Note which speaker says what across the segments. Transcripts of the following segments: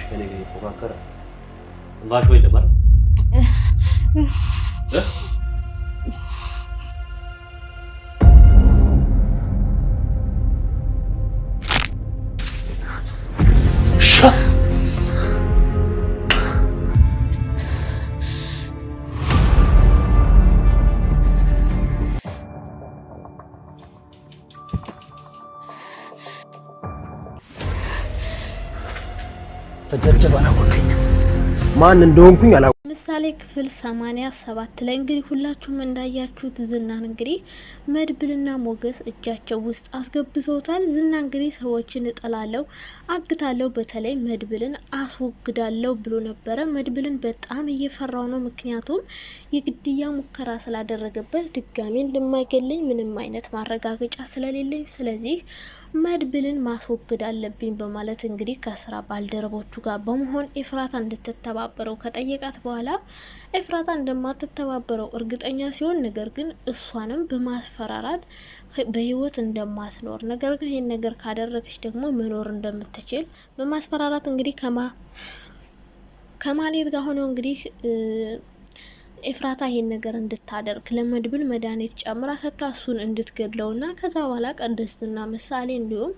Speaker 1: ጭራሽ ከኔ ጋር ይፎካከራል። ባሾ ይልማል ተጨብጭባ አላወቀኝ ማን እንደሆንኩኝ አላ
Speaker 2: ምሳሌ ክፍል ሰማኒያ ሰባት ላይ እንግዲህ ሁላችሁም እንዳያችሁት ዝናን እንግዲህ መድብልና ሞገስ እጃቸው ውስጥ አስገብቶታል። ዝና እንግዲህ ሰዎችን እጠላለሁ፣ አግታለው በተለይ መድብልን አስወግዳለሁ ብሎ ነበረ። መድብልን በጣም እየፈራው ነው። ምክንያቱም የግድያ ሙከራ ስላደረገበት ድጋሜ እንደማይገለኝ ምንም አይነት ማረጋገጫ ስለሌለኝ ስለዚህ መድብልን ማስወገድ አለብኝ በማለት እንግዲህ ከስራ ባልደረቦቹ ጋር በመሆን ኤፍራታ እንድትተባበረው ከጠየቃት በኋላ ኤፍራታ እንደማትተባበረው እርግጠኛ ሲሆን፣ ነገር ግን እሷንም በማስፈራራት በህይወት እንደማትኖር ነገር ግን ይህን ነገር ካደረገች ደግሞ መኖር እንደምትችል በማስፈራራት እንግዲህ ከማ ከማሌት ጋር ሆነው እንግዲህ ኤፍራታ ይሄን ነገር እንድታደርግ ለመድብል መድኃኒት ጨምራ ሰታ እሱን እና ከዛ በኋላ ቅድስትና ምሳሌ እንዲሁም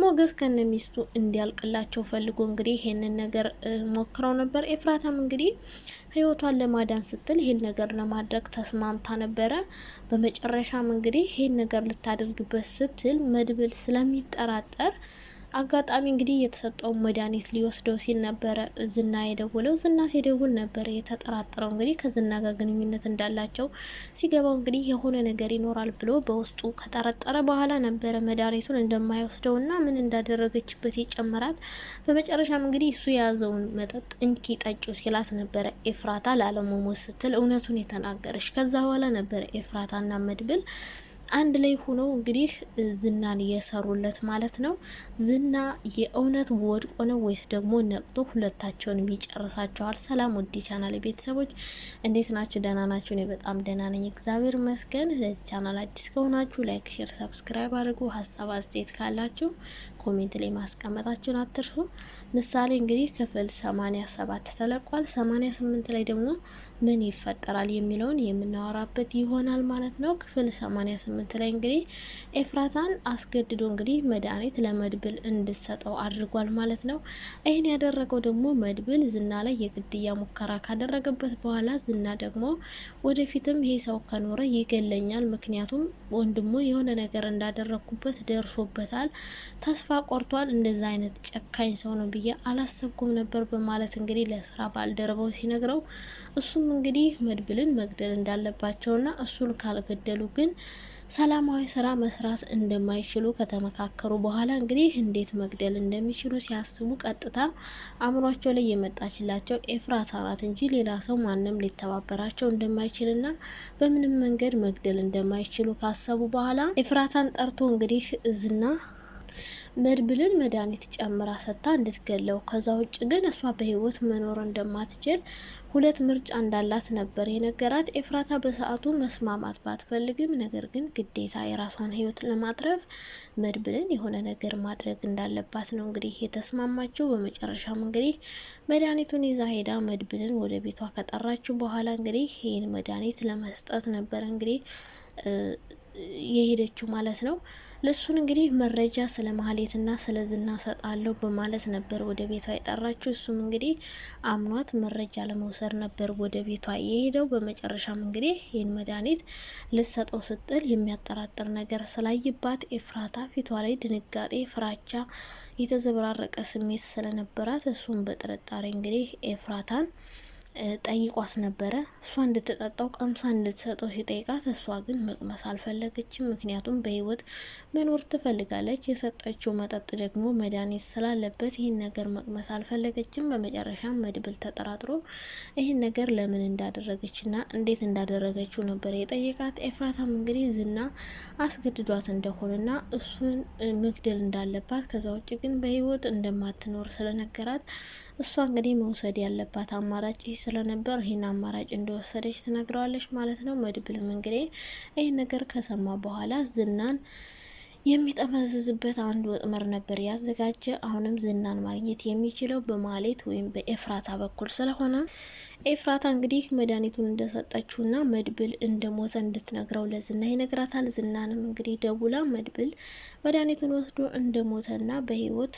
Speaker 2: ሞገስ ከነሚስቱ እንዲያልቅላቸው ፈልጎ እንግዲህ ይሄንን ነገር ሞክረው ነበር። ኤፍራታም እንግዲህ ህይወቷን ለማዳን ስትል ይሄን ነገር ለማድረግ ተስማምታ ነበረ። በመጨረሻም እንግዲህ ይሄን ነገር ልታደርግበት ስትል መድብል ስለሚጠራጠር አጋጣሚ እንግዲህ የተሰጠውን መድኃኒት ሊወስደው ሲል ነበረ ዝና የደወለው። ዝና ሲደውል ነበረ የተጠራጠረው እንግዲህ ከዝና ጋር ግንኙነት እንዳላቸው ሲገባው እንግዲህ የሆነ ነገር ይኖራል ብሎ በውስጡ ከጠረጠረ በኋላ ነበረ መድኃኒቱን እንደማይወስደው እና ምን እንዳደረገችበት የጨመራት። በመጨረሻም እንግዲህ እሱ የያዘውን መጠጥ እንኪ ጠጩ ሲላት ነበረ ኤፍራታ ላለመሞት ስትል እውነቱን የተናገረች። ከዛ በኋላ ነበረ እና መድብል አንድ ላይ ሆነው እንግዲህ ዝናን እየሰሩለት ማለት ነው። ዝና የእውነት ወድቆ ነው ወይስ ደግሞ ነቅቶ ሁለታቸውን ይጨርሳቸዋል? ሰላም ውድ ቻናል ቤተሰቦች እንዴት ናችሁ? ደህና እኔ በጣም ደህና ነኝ፣ እግዚአብሔር ይመስገን። ለዚህ ቻናል አዲስ ከሆናችሁ ላይክ፣ ሼር፣ ሰብስክራይብ አድርጉ። ሀሳብ አስተያየት ካላችሁ ኮሜንት ላይ ማስቀመጣችሁን አትርሱ። ምሳሌ እንግዲህ ክፍል ሰማንያ ሰባት ተለቋል። ሰማንያ ስምንት ላይ ደግሞ ምን ይፈጠራል የሚለውን የምናወራበት ይሆናል ማለት ነው። ክፍል ሰማንያ ስምንት ላይ እንግዲህ ኤፍራታን አስገድዶ እንግዲህ መድኃኒት ለመድብል እንድትሰጠው አድርጓል ማለት ነው። ይህን ያደረገው ደግሞ መድብል ዝና ላይ የግድያ ሙከራ ካደረገበት በኋላ ዝና ደግሞ ወደፊትም ይሄ ሰው ከኖረ ይገለኛል ምክንያቱም ወንድሙ የሆነ ነገር እንዳደረግኩበት ደርሶበታል፣ ተስፋ ቆርቷል። እንደዛ አይነት ጨካኝ ሰው ነው ብዬ አላሰብኩም ነበር በማለት እንግዲህ ለስራ ባልደረባው ሲነግረው እሱም እንግዲህ መድብልን መግደል እንዳለባቸውና እሱን ካልገደሉ ግን ሰላማዊ ስራ መስራት እንደማይችሉ ከተመካከሩ በኋላ እንግዲህ እንዴት መግደል እንደሚችሉ ሲያስቡ ቀጥታ አእምሯቸው ላይ የመጣችላቸው ኤፍራታ ናት እንጂ ሌላ ሰው ማንም ሊተባበራቸው እንደማይችልና በምንም መንገድ መግደል እንደማይችሉ ካሰቡ በኋላ ኤፍራታን ጠርቶ እንግዲህ ዝና መድብልን መድኃኒት ጨምራ ሰጥታ እንድትገለው፣ ከዛ ውጭ ግን እሷ በህይወት መኖር እንደማትችል ሁለት ምርጫ እንዳላት ነበር የነገራት። ኤፍራታ በሰዓቱ መስማማት ባትፈልግም፣ ነገር ግን ግዴታ የራሷን ህይወት ለማትረፍ መድብልን የሆነ ነገር ማድረግ እንዳለባት ነው እንግዲህ የተስማማችው። በመጨረሻም እንግዲህ መድኃኒቱን ይዛ ሄዳ መድብልን ወደ ቤቷ ከጠራችው በኋላ እንግዲህ ይህን መድኃኒት ለመስጠት ነበር እንግዲህ የሄደችው ማለት ነው። ለሱን እንግዲህ መረጃ ስለ ማህሌትና ስለ ዝና ሰጣለሁ በማለት ነበር ወደ ቤቷ የጠራችው። እሱም እንግዲህ አምኗት መረጃ ለመውሰድ ነበር ወደ ቤቷ የሄደው። በመጨረሻም እንግዲህ ይህን መድኃኒት ልትሰጠው ስትል የሚያጠራጥር ነገር ስላይባት ኤፍራታ ፊቷ ላይ ድንጋጤ፣ ፍራቻ የተዘበራረቀ ስሜት ስለነበራት እሱም በጥርጣሬ እንግዲህ ኤፍራታን ጠይቋት ነበረ። እሷ እንድትጠጣው ቀምሳ እንድትሰጠው ሲጠይቃት እሷ ግን መቅመስ አልፈለገችም። ምክንያቱም በህይወት መኖር ትፈልጋለች። የሰጠችው መጠጥ ደግሞ መድኃኒት ስላለበት ይህን ነገር መቅመስ አልፈለገችም። በመጨረሻም መድብል ተጠራጥሮ ይህን ነገር ለምን እንዳደረገችና እንዴት እንዳደረገችው ነበር የጠየቃት። ኤፍራታም እንግዲህ ዝና አስገድዷት እንደሆነና እሱን መግደል እንዳለባት ከዛ ውጭ ግን በህይወት እንደማትኖር ስለነገራት እሷ እንግዲህ መውሰድ ያለባት አማራጭ ይህ ስለነበር ይህን አማራጭ እንደወሰደች ትነግረዋለች ማለት ነው። መድብልም እንግዲህ ይህ ነገር ከሰማ በኋላ ዝናን የሚጠመዝዝበት አንድ ወጥመር ነበር ያዘጋጀ። አሁንም ዝናን ማግኘት የሚችለው በማሌት ወይም በኤፍራታ በኩል ስለሆነ ኤፍራታ እንግዲህ መድኃኒቱን እንደሰጠችውና መድብል እንደሞተ እንድትነግረው ለዝና ይነግራታል። ዝናንም እንግዲህ ደውላ መድብል መድኃኒቱን ወስዶ እንደሞተና በህይወት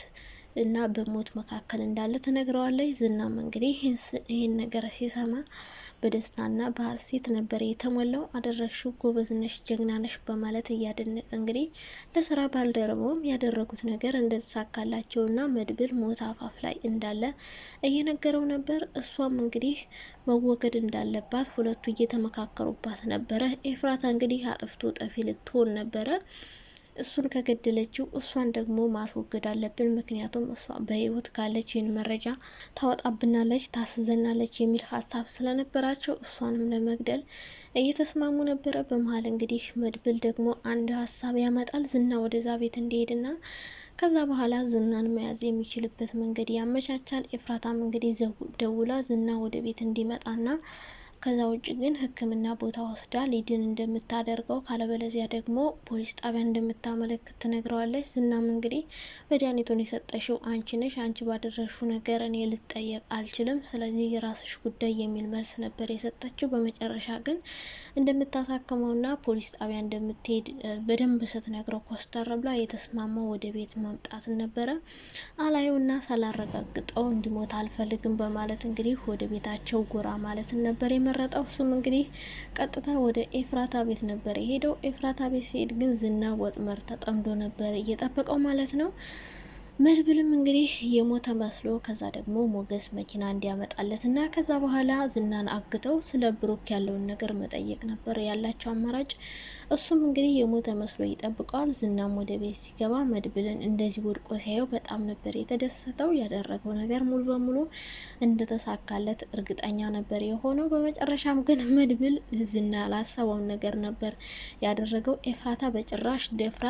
Speaker 2: እና በሞት መካከል እንዳለ ትነግረዋለች። ዝናም እንግዲህ ይህን ነገር ሲሰማ በደስታና በሀሴት ነበር የተሞላው። አደረግሽው፣ ጎበዝነሽ፣ ጀግናነሽ በማለት እያደነቀ እንግዲህ ለስራ ባልደረበውም ያደረጉት ነገር እና መድብል ሞት አፋፍ ላይ እንዳለ እየነገረው ነበር። እሷም እንግዲህ መወገድ እንዳለባት ሁለቱ እየተመካከሩባት ነበረ። ኤፍራታ እንግዲህ አጥፍቶ ጠፊ ልትሆን ነበረ። እሱን ከገደለችው እሷን ደግሞ ማስወገድ አለብን። ምክንያቱም እሷ በህይወት ካለች ይህን መረጃ ታወጣብናለች፣ ታስዘናለች የሚል ሀሳብ ስለነበራቸው እሷንም ለመግደል እየተስማሙ ነበረ። በመሀል እንግዲህ መድብል ደግሞ አንድ ሀሳብ ያመጣል ዝና ወደዛ ቤት እንዲሄድና ከዛ በኋላ ዝናን መያዝ የሚችልበት መንገድ ያመቻቻል። ኤፍራታም እንግዲህ ደውላ ዝና ወደ ቤት እንዲመጣና ከዛ ውጭ ግን ሕክምና ቦታ ወስዳ ሊድን እንደምታደርገው ካለበለዚያ ደግሞ ፖሊስ ጣቢያ እንደምታመለክት ትነግረዋለች። ዝናም እንግዲህ መድኃኒቱን የሰጠሽው አንቺ ነሽ፣ አንቺ ባደረሹ ነገር እኔ ልጠየቅ አልችልም፣ ስለዚህ የራስሽ ጉዳይ የሚል መልስ ነበር የሰጠችው። በመጨረሻ ግን እንደምታሳክመውና ፖሊስ ጣቢያ እንደምትሄድ በደንብ ስትነግረው ኮስተር ብላ የተስማማው ወደ ቤት መምጣትን ነበረ። አላዩና ሳላረጋግጠው እንዲሞት አልፈልግም በማለት እንግዲህ ወደ ቤታቸው ጎራ ማለትን ነበር የመረጠው። እሱም እንግዲህ ቀጥታ ወደ ኤፍራታ ቤት ነበር የሄደው። ኤፍራታ ቤት ሲሄድ ግን ዝና ወጥመር ተጠምዶ ነበር እየጠበቀው ማለት ነው። መድብልም እንግዲህ የሞተ መስሎ ከዛ ደግሞ ሞገስ መኪና እንዲያመጣለት እና ከዛ በኋላ ዝናን አግተው ስለ ብሩክ ያለውን ነገር መጠየቅ ነበር ያላቸው አማራጭ። እሱም እንግዲህ የሞተ መስሎ ይጠብቀዋል። ዝናም ወደ ቤት ሲገባ መድብልን እንደዚህ ወድቆ ሲያየው በጣም ነበር የተደሰተው። ያደረገው ነገር ሙሉ በሙሉ እንደተሳካለት እርግጠኛ ነበር የሆነው። በመጨረሻም ግን መድብል ዝና ላሰበውን ነገር ነበር ያደረገው። ኤፍራታ በጭራሽ ደፍራ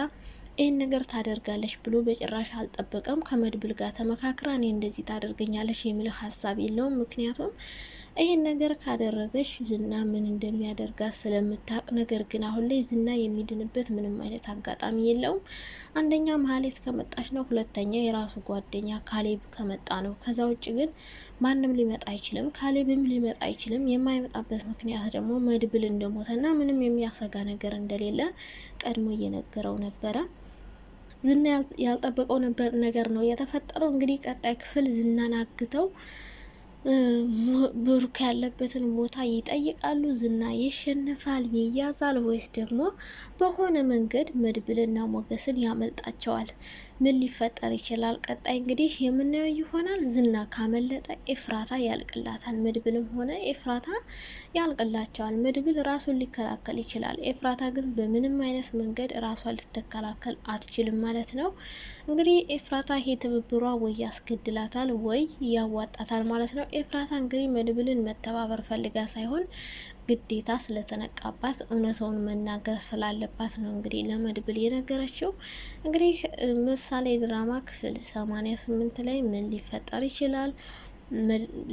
Speaker 2: ይህን ነገር ታደርጋለች ብሎ በጭራሽ አልጠበቀም። ከመድብል ጋር ተመካክራ እኔ እንደዚህ ታደርገኛለች የሚል ሀሳብ የለውም። ምክንያቱም ይህን ነገር ካደረገች ዝና ምን እንደሚያደርጋት ስለምታውቅ፣ ነገር ግን አሁን ላይ ዝና የሚድንበት ምንም አይነት አጋጣሚ የለውም። አንደኛ መሀሌት ከመጣች ነው፣ ሁለተኛ የራሱ ጓደኛ ካሌብ ከመጣ ነው። ከዛ ውጭ ግን ማንም ሊመጣ አይችልም። ካሌብም ሊመጣ አይችልም። የማይመጣበት ምክንያት ደግሞ መድብል እንደሞተና ምንም የሚያሰጋ ነገር እንደሌለ ቀድሞ እየነገረው ነበረ። ዝና ያልጠበቀው ነበር ነገር ነው የተፈጠረው። እንግዲህ ቀጣይ ክፍል ዝናን አግተው ብሩክ ያለበትን ቦታ ይጠይቃሉ። ዝና ይሸነፋል፣ ይያዛል፣ ወይስ ደግሞ በሆነ መንገድ መድብልና ሞገስን ያመልጣቸዋል? ምን ሊፈጠር ይችላል? ቀጣይ እንግዲህ የምናየው ይሆናል። ዝና ካመለጠ ኤፍራታ ያልቅላታል። መድብልም ሆነ ኤፍራታ ያልቅላቸዋል። መድብል ራሱን ሊከላከል ይችላል። ኤፍራታ ግን በምንም አይነት መንገድ ራሷን ልትከላከል አትችልም ማለት ነው። እንግዲህ ኤፍራታ ይሄ ትብብሯ ወይ ያስገድላታል ወይ ያዋጣታል ማለት ነው። ኤፍራታ እንግዲህ መድብልን መተባበር ፈልጋ ሳይሆን ግዴታ ስለተነቃባት እውነታውን መናገር ስላለባት ነው እንግዲህ ለመድብል የነገረችው። እንግዲህ ምሳሌ ድራማ ክፍል ሰማንያ ስምንት ላይ ምን ሊፈጠር ይችላል?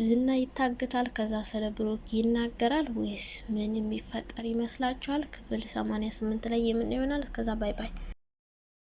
Speaker 2: ዝና ይታግታል? ከዛ ስለ ብሩክ ይናገራል? ወይስ ምን የሚፈጠር ይመስላችኋል? ክፍል ሰማንያ ስምንት ላይ የምን ይሆናል? እስከዛ ባይ ባይ።